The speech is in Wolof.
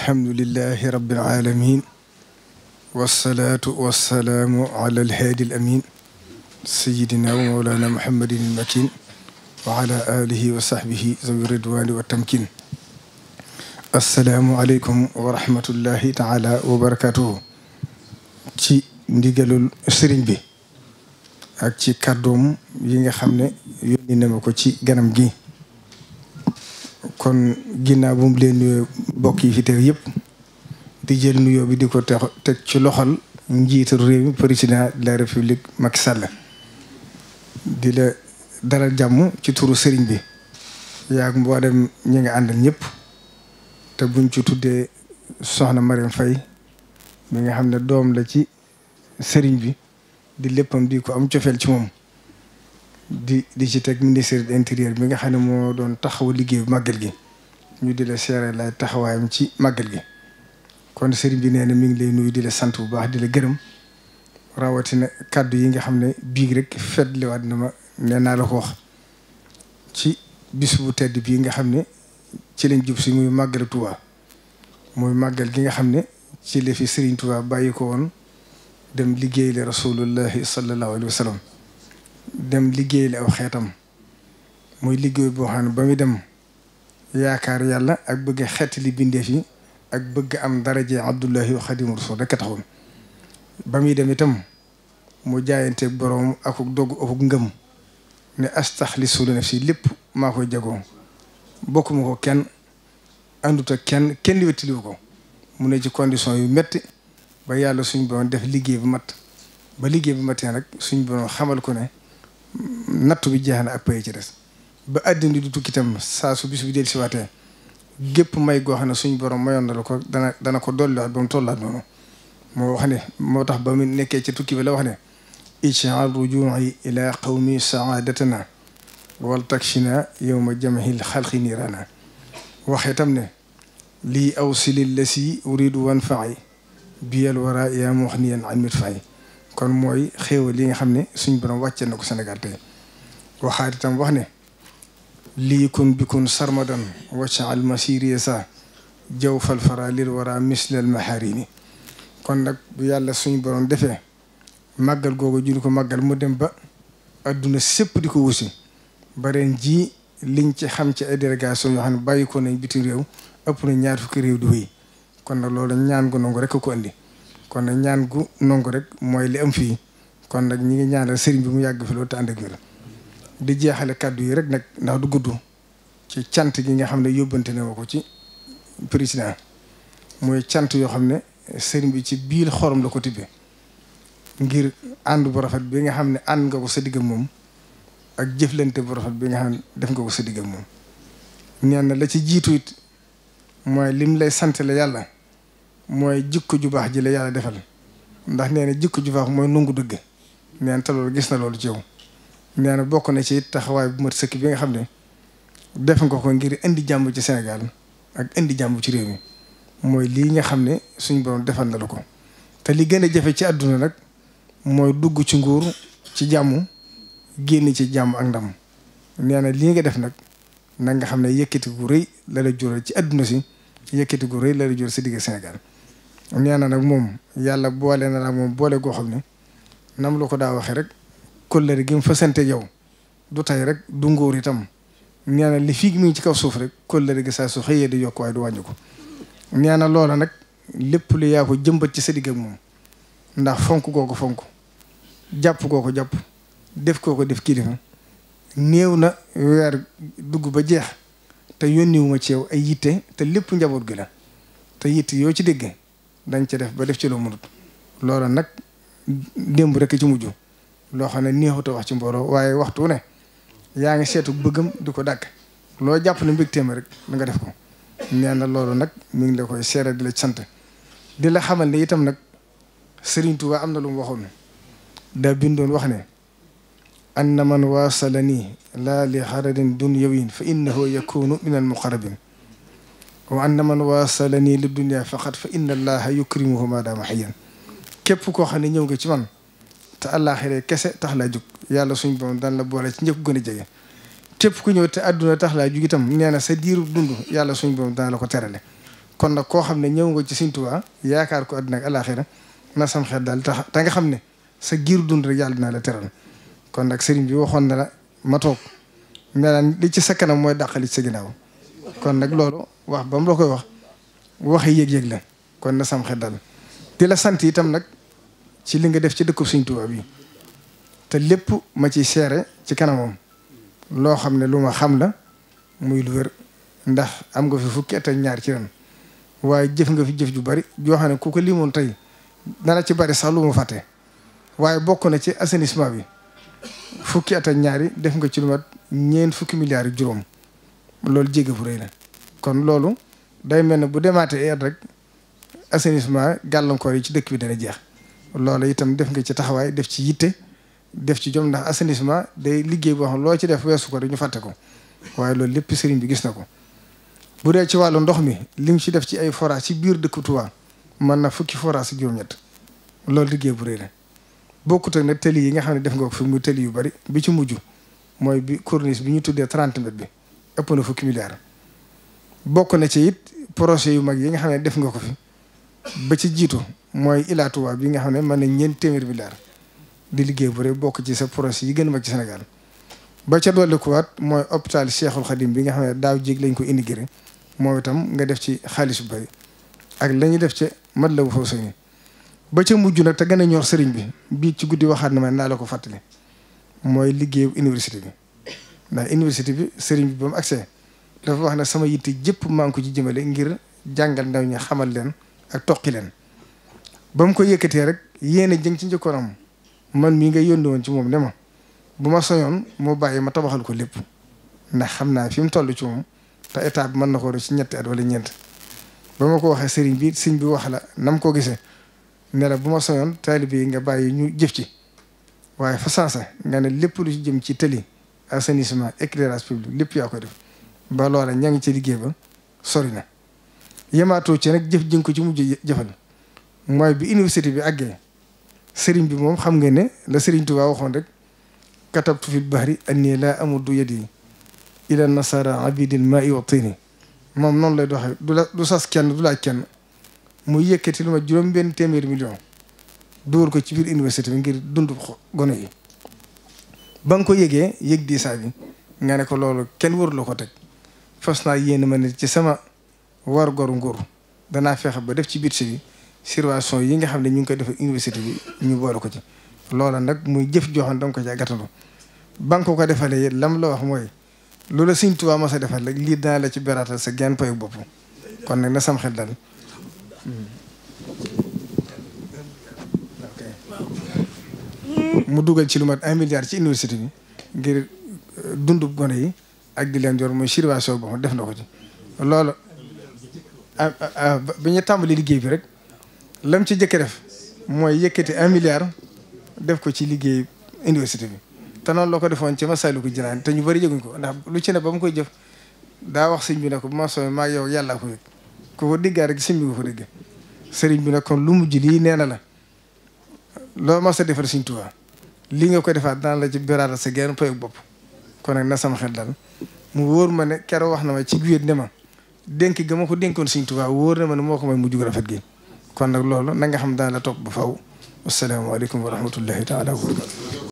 الحمد لله رب العالمين والصلاة والسلام على الهادي الأمين سيدنا ومولانا محمد المكين وعلى آله وصحبه ذوي الرضوان والتمكين السلام عليكم ورحمة الله تعالى وبركاته تي ديغالو سيرين بي اك تي كادوم ييغا خامني يوني نماكو تي غنم جي kon ginnaaw bu mu leen nuyoo bokk yi fi teew yëpp di jël nuyoo bi di ko te ci loxol njiital réew mi président de la république Macky Sall di la daral jàmm ci turu sëriñ bi yaag mboolem ñi nga àndal ñëpp te buñ ci tuddee soxna Mariam Faye mi nga xam ne doom la ci sëriñ bi di léppam di ko am cofeel ci moom di di ci teg de l'intérieur mi nga xam ne moo doon taxaw liggéeyu màggal gi ñu di la seere lay taxawaayam ci màggal gi kon sëriñ bi nee na mi ngi lay nuyu di la sant bu baax di la gërëm rawatina kàddu yi nga xam ne biig rek fetliwaat ma nee naa la ko wax ci bis bu tedd bii nga xam ne ci lañ jub si muy màggal Tuubaa muy màggal gi nga xam ne ci la fi sëriñ Tuubaa bàyyi ko woon dem liggéey la rasulullahi sallallahu alayhi wa dem liggéey li aw xeetam muy liggéey boo xam ne ba muy dem yaakaar yàlla ak bëgg xeet li bindeef yi ak bëgg am daraje Abdullahi wa Xadimu Rasul rekk taxoon ba muy dem itam mu jaayante borom akuk dogg akuk ngëm ne astaxlisu li nafsi lépp maa koy jagoo bokkuma ko kenn àndut kenn kenn kenn wu ko mu ne ci condition yu metti ba yàlla suñ borom def liggéey bu mat ba liggéey bu matin rek suñ borom xamal ko ne natt bi jeex na ak pay ci des ba àddina di tukki itam saa su bis bi del siwaatee gépp may goo xam ne suñu borom mayoon na la ko dana dana ko dolliwaat ba mu tollaat noonu moo wax ne moo tax ba mu nekkee ca tukki bi la wax ne ijaal rujuuci ila qawmi saadatana wal takshina yowma jamhil xalqi niirana waxee tam ne lii aw silil la si uridu wan faxi biyal wara yaa muxniyan an mit faxi kon mooy xéewal yi nga xam ne suñ borom wàccee na ko Sénégal tey waxaat itam wax ne lii kun bikun sarmadan wacca al masiri sa jaw fal fara lil wara mislal maharini kon nag bu yàlla suñu borom defee màggal googu juñ ko màggal mu dem ba adduna sépp di ko wusi bareen ji liñ ci xam ci ay délégation yoo xam ne bàyyi ko nañ bitim réew ëpp na ñaar fukki réew di kon nag loolu ñaan gu nangu rek ko andi kon nag ñaan gu nongu rek mooy li am fii kon nag ñi ngi ñaanal sëriñ bi mu yàgg fi loolu te ànd ak wér di jeexale kàddu yi rek nag ndax du gudd ci cant yi nga xam ne yóbbante ne woo ko ci président mooy cant yoo xam ne sëriñ bi ci biir xorom la ko tibbee ngir ànd bu rafet bi nga xam ne ànd nga ko sa moom ak jëflante bu rafet bi nga xam ne def nga ko sa digg moom ñaan la ci jiitu it mooy lim lay sant la yàlla mooy jikko ju baax ji la yàlla defal ndax nee na jikko ju baax mooy nungu dëgg nee na te gis na loolu ci yow nee bokk na ci taxawaay bu mat sëkk bi nga xam ne def nga ko ngir indi jàmm ci Sénégal ak indi jàmm ci réew mi mooy lii nga xam ne suñ borom defal na la ko te li gën a jafe ci àdduna nag mooy dugg ci nguur ci jàmm génn ci jàmm ak ndam nee na lii nga def nag nag nga xam ne yëkkati gu rëy la la jural ci àdduna si yëkkati gu rëy la la jural si digg Sénégal nee na nag moom yàlla boole na nag moom boole goo xam ne nam la ko daa waxee rek kóllëre gi mu fasante yow du tey rek du ngóor itam nee li fii mu ngi ci kaw suuf rek kóllëre gi saa su xëyee di yokk waaye du wàññi ko nee loola nag lépp lu yaa ko jëmbat ci sa digg ak moom ndax fonk koo ko fonk jàpp koo ko jàpp def koo ko def kilifa néew na weer dugg ba jeex te yónniwuma ci yow ay yitte te lépp njaboot gi la te yitte yoo ci dégg dañ ci def ba def ci lu mënut loola nag démb rek ci mujj loo xam ne neexut wax ci mboro waaye waxtu ne yaa ngi seetu bëggam di ko dàkk loo jàpp ne mbégteem rek na nga def ko nee na loolu nag mi ngi la koy seere di la sant di la xamal ne itam nag Sëriñ Tuubaa am na lu mu waxoon da bindoon wax ne anna man waasalani laa li xaradin dunyawin fa innahu yakunu min al muqarrabin وأن من واصلني للدنيا فقط فإن الله يكرمه ما دام حيا كيف كو خاني نيوغي تي مان تا الله خير كسه تخلا جوك يالا سوني بون دان لا بولا تي نيب غن جي تيب كو نيو تي ادنا تخلا جوغي تام نينا سا ديرو دوندو يالا سوني بون دان لاكو تيرالي كون كو خامني نيوغو تي سينتوا ياكار كو ادنا الله خير ما سام خير دال تاغا خامني سا غير دوند رك يالا لا تيرال كون داك سيرين بي وخون نا ما توك نالان لي تي سكنام موي داخالي سي غيناو كون داك لولو wax ba mu la koy wax waxi yéeg yéeg la kon na sam xel dal di la sant itam nag ci li nga def ci dëkku Sëriñ Tuubaa bi te lépp ma ci seere ci kanamam loo xam ne lu ma xam la muy lu wér ndax am nga fi fukki at ak ñaar ci ren waaye jëf nga fi jëf ju bari joo xam ne ku ko limoon tey dana ci bari sax lu mu fàtte waaye bokk na ci assainissement bi fukki at ñaari def nga ci lu mat ñeent fukki milliards yu juróom loolu jéggi bu rëy la kon loolu day mel ne bu demaatee rek assainissement gàllankoor yi ci dëkk bi dana jeex loolu itam def nga ci taxawaay def ci yitte def ci jom ndax assainissement day liggéey boo xam loo ci def weesu ko rek ñu fàtte ko waaye loolu lépp sëriñ bi gis na ko. bu dee ci wàllu ndox mi lim ci def ci ay forage ci biir dëkk Touba mën na fukki forage ak juróom-ñett loolu liggéey bu rëy la bokkut ak nag tëli yi nga xam ne def nga ko fi muy tëli yu bari bi ci mujj mooy bi corniche bi ñu tuddee 30 bi ëpp fukki milliards. bokk na ci it projet yu mag yi nga xam ne def nga ko fi ba ci jiitu mooy Ila Touba bi nga xam ne mën na ñeent téeméer bi daal di liggéey bu rek bokk ci sa projet yi gën a mag ci Sénégal ba ca dolli kuwaat mooy hôpital Cheikhul Khadim bi nga xam ne daaw jéeg lañ ko indigré moo itam nga def ci xaalis bu bari ak la def ca mat la bu faw sañu ba ca mujj nag te gën a ñor sëriñ bi bii ci guddi waxaat na ma naa la ko fàttali mooy liggéeyu université bi ndax université bi sëriñ bi ba mu dafa wax ne sama yitte jépp maa ngi ko ci jëmale ngir jàngal ndaw ñi xamal leen ak toqi leen ba mu ko yëkkatee rek yéen a jëng ci njëkkoon am man mii nga yónni woon ci moom ne ma bu ma soñoon moo bàyyi ma tabaxal ko lépp ndax xam naa fi mu toll ci moom te état bi mën na ko ci ñetti at wala ñeent ba ma ko waxee sëriñ bi sëñ bi wax la nam ko gisee ne la bu ma soñoon taalibe yi nga bàyyi ñu jëf ci waaye fa saasa nga ne lépp lu jëm ci tëli assainissement éclairage public lépp yaa ko def ba loola ña ngi ci liggéey ba sori na yemaatoo ci nag jëf jën ko ci mujj jëfal mooy bi université bi àggee sëriñ bi moom xam nga ne la sëriñ Tuubaa waxoon rek katabtu fil bahri anni laa amuddu yadi ila nasara abidil ma'i wa tini moom noonu lay doxee du la du sas kenn du laaj kenn mu yëkkati lu ma juróom benn téeméeri million dóor ko ci biir université bi ngir dund gone yi ba nga ko yëgee yëg diisaa nga ne ko loolu kenn warula ko teg fas naa yéen ma ne ci sama war goru nguur danaa fexe ba def ci budget bi situation yi nga xam ne ñu ngi koy defee université bi ñu boole ko ci. loola nag muy jëf joxoon da nga ko ci gàttandu ba nga ko ko defalee it lam la wax mooy loolu loola Sëñ Tuubaa ma sa defal rek lii dana la ci beraatal sa genn payu bopp kon nag na sama xel dal. mu dugal ci lu mat un milliard ci université bi ngir euh, dundub gone yi. ak di leen yor mooy situation boobu def na ko ci. loolu ah, ah, ah, bi ñu tàmbali liggéey bi rek lam ci jëkk def mooy yëkkati un def ko ci liggéey université bi te noonu loo ko defoon ci Masaalikul Jinaan te ñu bari yëguñ ko lu ci ne mu koy jëf daa wax sëñ bi ne ko bu ma soobee maa yow yàllaa ko yëg ku ko diggaa rek sëñ bi ko digg sëriñ bi ne kon lu mujj lii nee na la loo mas a defar sëñ Tuubaa lii nga ko defaat daan la ci beraata sa genn payu bopp kon nag na sama xel dal mu wóor ma ne keroog wax na ma ci biir ne ma dénk ga ma ko dénkoon Sëriñ Tuubaa wóor na ma ne moo ko may mu jug rafet gi kon nag loolu na nga xam daan la topp ba faw asalaamaaleykum wa rahmatullahi taala wa barakatu